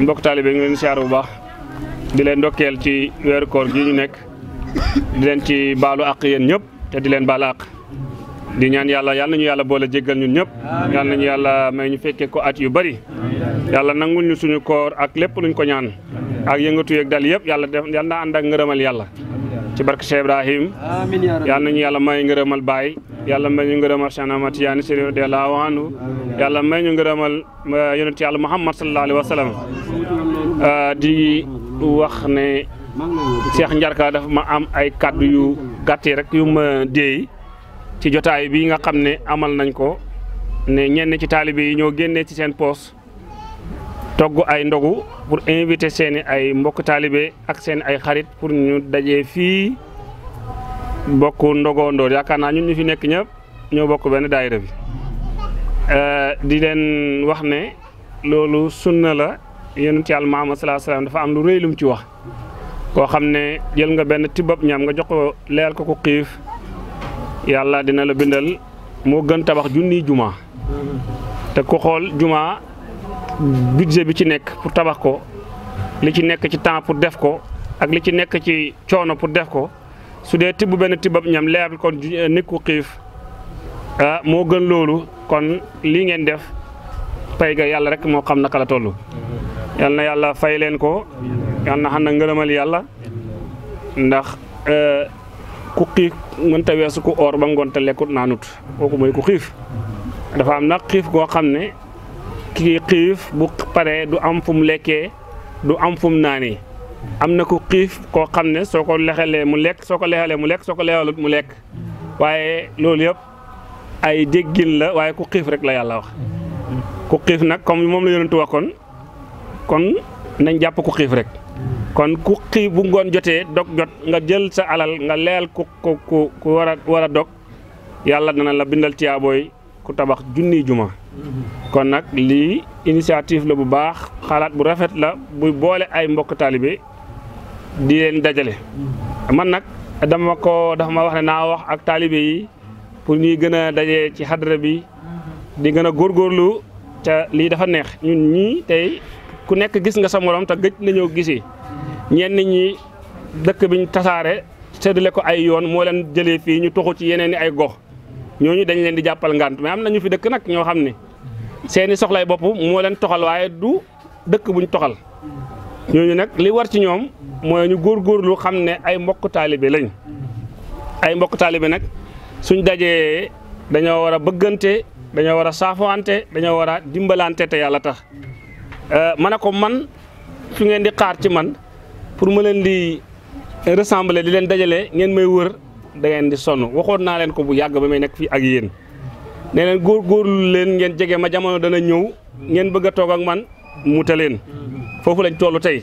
mbokk taalibe ngi leen siyaar bu baax di leen ndokkeel ci weeru koor gi ñu nekk di leen ci baalu àq yéen ñëpp te di leen baal àq di ñaan yàlla yal nañu yàlla boole jéggal ñun ñëpp yal nañu yàlla may ñu fekkee ko at yu bari yàlla nangul ñu suñu koor ak lépp luñ ko ñaan ak yëngatu yëg dal yëpp yàlla def yal na ànd ak ngërëmal yàlla ci barke Cheikh Ibrahim yal nañu yàlla may ngërëmal Baay yàlla may ñu ngërëmal Cheikh Ahmad Tidiane Chérif radiyallahu anhu yàlla may ñu ngërëmal eh, yonent Muhammad sallallahu alayhi wa eh, di wax ne Cheikh Ndiarka dafa ma am ay kàddu yu gàtt rek yu ma déey ci jotaay bi nga xam ne amal nañ ko ne ñenn ci taalibe yi ñoo génnee ci seen poos togg ay ndogu pour inviter seeni ay mbokk taalibe ak seen ay xarit pour ñu dajee fii bokk ndogoondoor yaakaar naa ñun ñu fi nekk ñëpp ñoo bokk benn daayira bi eh, di leen wax ne loolu sunna la yonent yàlla Muhammad sallallaahu alayhi dafa am lu rëy mu ci wax koo xam ne jël nga benn tibbab ñam nga jox ko leel ko ku kiif yàlla dina la bindal moo gën tabax junniy juma te ku xool juma budget bi ci nekk pour tabax ko li ci nekk ci temps pour def ko ak li ci nekk ci coono pour def ko su dee tibb benn tibbab ñam leebal kon eh, nit ku xiif ah, moo gën loolu kon lii ngeen def pay ga yàlla rek moo xam naka la toll. yal na yàlla fay leen ko yal na xam na ngërëmal yàlla ndax eh, ku xiif mënta weesu ku oor ba ngoon te lekkut naanut kooku mooy ku xiif dafa am na xiif goo xam ne kii xiif bu paree du am fu mu lekkee du am fum mu naanee am na ku xiif koo xam ne soo ko lexalee mu lekk soo ko lexalee mu lekk soo ko mu lekk waaye loolu yëpp ay déggin la waaye ku xiif rek la yàlla wax ku xiif nag comme moom la yonentu wax kon kon nañ jàpp ku xiif rek kon ku xiif bu ngoon jotee dog jot nga jël sa alal nga leyal ku ku ku war a war a dog yàlla dana la bindal tiyaabooy ku tabax junni juma kon nag lii initiative la bu baax xalaat bu rafet la buy boole ay mbokk taalibe di leen dajale man nag dama ko dafa ma wax ne naa wax ak taalibe yi pour ñuy gën a daje ci xadra bi di gën a góorgóorlu ca lii dafa neex ñun ñii tey ku nekk gis nga sa morom te gëj nañoo gisee ñenn ñi dëkk bi ñu tasaare séddale ko ay yoon moo leen jëlee fii ñu toxu ci yeneen i ay gox ñooñu dañ leen di jàppal ngant mais am na ñu fi dëkk nag ñoo xam ne seeni soxlay bopp moo leen toxal waaye du dëkk buñ toxal ñooñu nag li war ci ñoom mooy ñu góor góorgóorlu xam ne ay mbokk taalibe lañ ay mbokk taalibe nag suñ dajee dañoo war a bëggante dañoo war a saafoante dañoo war a dimbalante te yàlla tax euh, ma ne ko man su ngeen di xaar ci man pour ma leen di ressembler di leen dajale ngeen may wër da ngeen di sonn waxoon naa leen ko bu yàgg ba may nekk fii ak yéen ne leen góorgóorlu leen ngeen jege ma jamono dana ñëw ngeen bëgg a toog ak man mu leen foofu lañ toll tey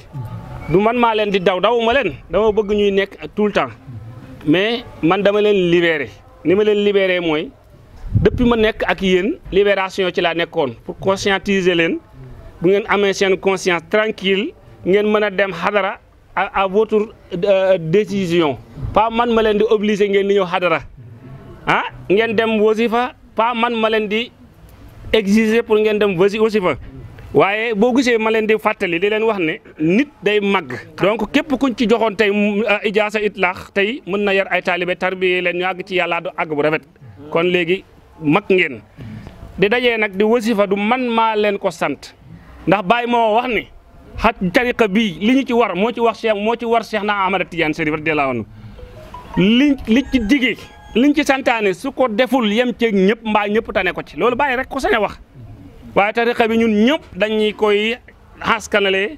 du man maa leen di daw daw ma leen dama bëgg ñuy nekk tout le temps mais man dama leen libéré ni ma leen libéré mooy depuis ma nekk ak yéen libération ci laa nekkoon pour conscientiser leen bu ngeen amee seen conscience tranquille ngeen mën a dem xadara à votre euh, décision pas man ma leen di obligé ngeen di ñëw xadara ah ngeen dem wasifa pas man ma leen di exiger pour ngeen dem wasi wasifa waaye boo gisee ma leen di fàttali di leen wax ne nit day màgg donc képp kuñ ci joxoon tey euh, ijaasa itlaax tey mën na yar ay taalibe tarbiye leen ñu àgg ci yàllaa du àgg bu rafet kon léegi mag ngeen di daje nag di wasifa du man maa leen ko sant ndax Baye moo wax ni xaj tariqa bii li ñu ci war moo ci wax Cheikh moo ci war Cheikh na Ahmada Tidiane Chérif radiyallahu anhu liñ li ci digee liñ ci santaane su ko deful yem ceeg ñëpp mbaa ñëpp tane ko ci loolu bàyyi rek ko sañ a wax waaye tariqa bi ñun ñëpp dañuy koy xaskanalee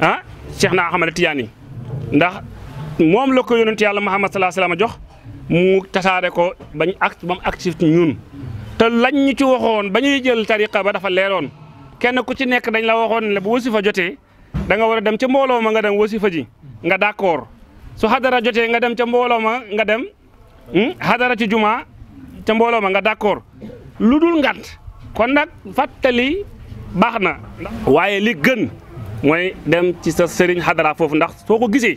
ah Cheikh na Ahmad Tidiane ndax moom la ko yonent yàlla Muhammad salaa salaam jox mu tasaare ko bañ act ba ñun. te lañ ñu ci waxoon ba ñuy jël tariqa ba dafa leeroon kenn ku ci nekk dañ la waxoon ne bu wasifa jotee da nga war a dem ca mbooloo ma nga dem wasifa ji nga d'accord su xadara jotee nga dem ca mbooloo ma nga dem hmm, xadara ci juma ca mbooloo ma nga d'accord lu dul ngant. kon nag fàttali baax na waaye li gën mooy dem ci sa sëriñ xadara foofu ndax soo ko gisee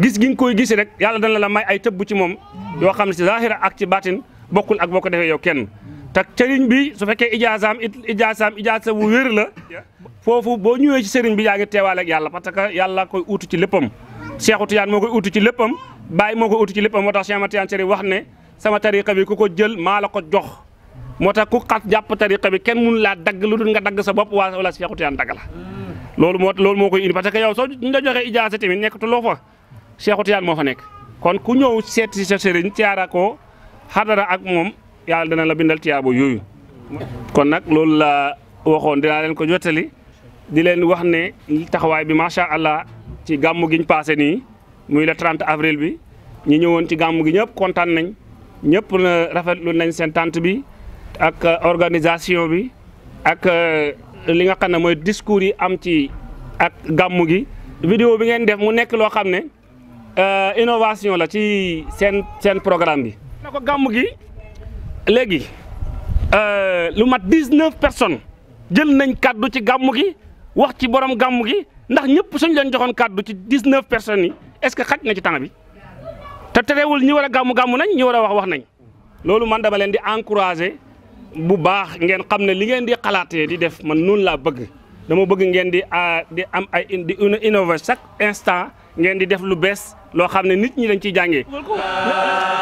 gis gi nga koy gisi rek yàlla dana la may ay tëbb ci moom yoo xam ne si zahira ak ci baatin bokkul ak boo ko defee yow kenn te sëriñ bi su fekkee ijaasaam it ijaasaam ijaasa bu wér la foofu boo ñëwee ci sëriñ bi yaa ngi teewaale ak yàlla parce que yàlla koy uutu ci léppam Seexu Tijaan moo koy uutu ci léppam Baay moo koy uutu ci léppam moo tax Seex Tijaan Sëriñ wax ne sama tariqa bi ku ko jël maa la ko jox moo tax ku xas jàpp tariqa bi kenn mënu laa dagg lu dul nga dagg sa bopp waa wala Seexu Tijaan dagg la hmm. loolu moo loolu moo koy indi parce que yow soo ñu la joxee ijaasa tamit nekkatuloo fa Seexu Tijaan moo fa nekk kon ku ñëw seet si sa sëriñ tiyaara ko xadara ak moom yàlla dana la bindal tiyaabo yooyu kon nag loolu la waxoon dinaa leen ko jottali di leen wax ne taxawaay bi macha allah ci gàmm giñ passé nii muy le trent avril bi ñu ñëwoon ci gàmm gi ñëpp kontaan nañ ñëpp na rafetlu nañ seen tànt bi ak euh, organisation bi ak euh, li nga xam ne mooy discours yi am ci ak gàmmu gi. vidéo bi ngeen def mu nekk loo xam ne euh, innovation la ci seen seen programme bi. na ko gàmmu gi léegi lu mat dix neuf personnes jël nañ kaddu ci gàmmu gi wax ci borom gàmmu gi ndax ñëpp suñ leen joxoon kàddu ci dix neuf personnes yi est-ce que xaj na ci temps bi te terewul ñi war a gàmmu gàmmu nañ ñi war a wax wax nañ loolu man dama leen di encourager. bu baax ngeen xam ne li ngeen di xalaatee di def man noonu laa bëgg dama bëgg ngeen di ah, di am ay di innover chaque instant ngeen di def lu bees loo xam ne nit ñi dañ ciy jàngee.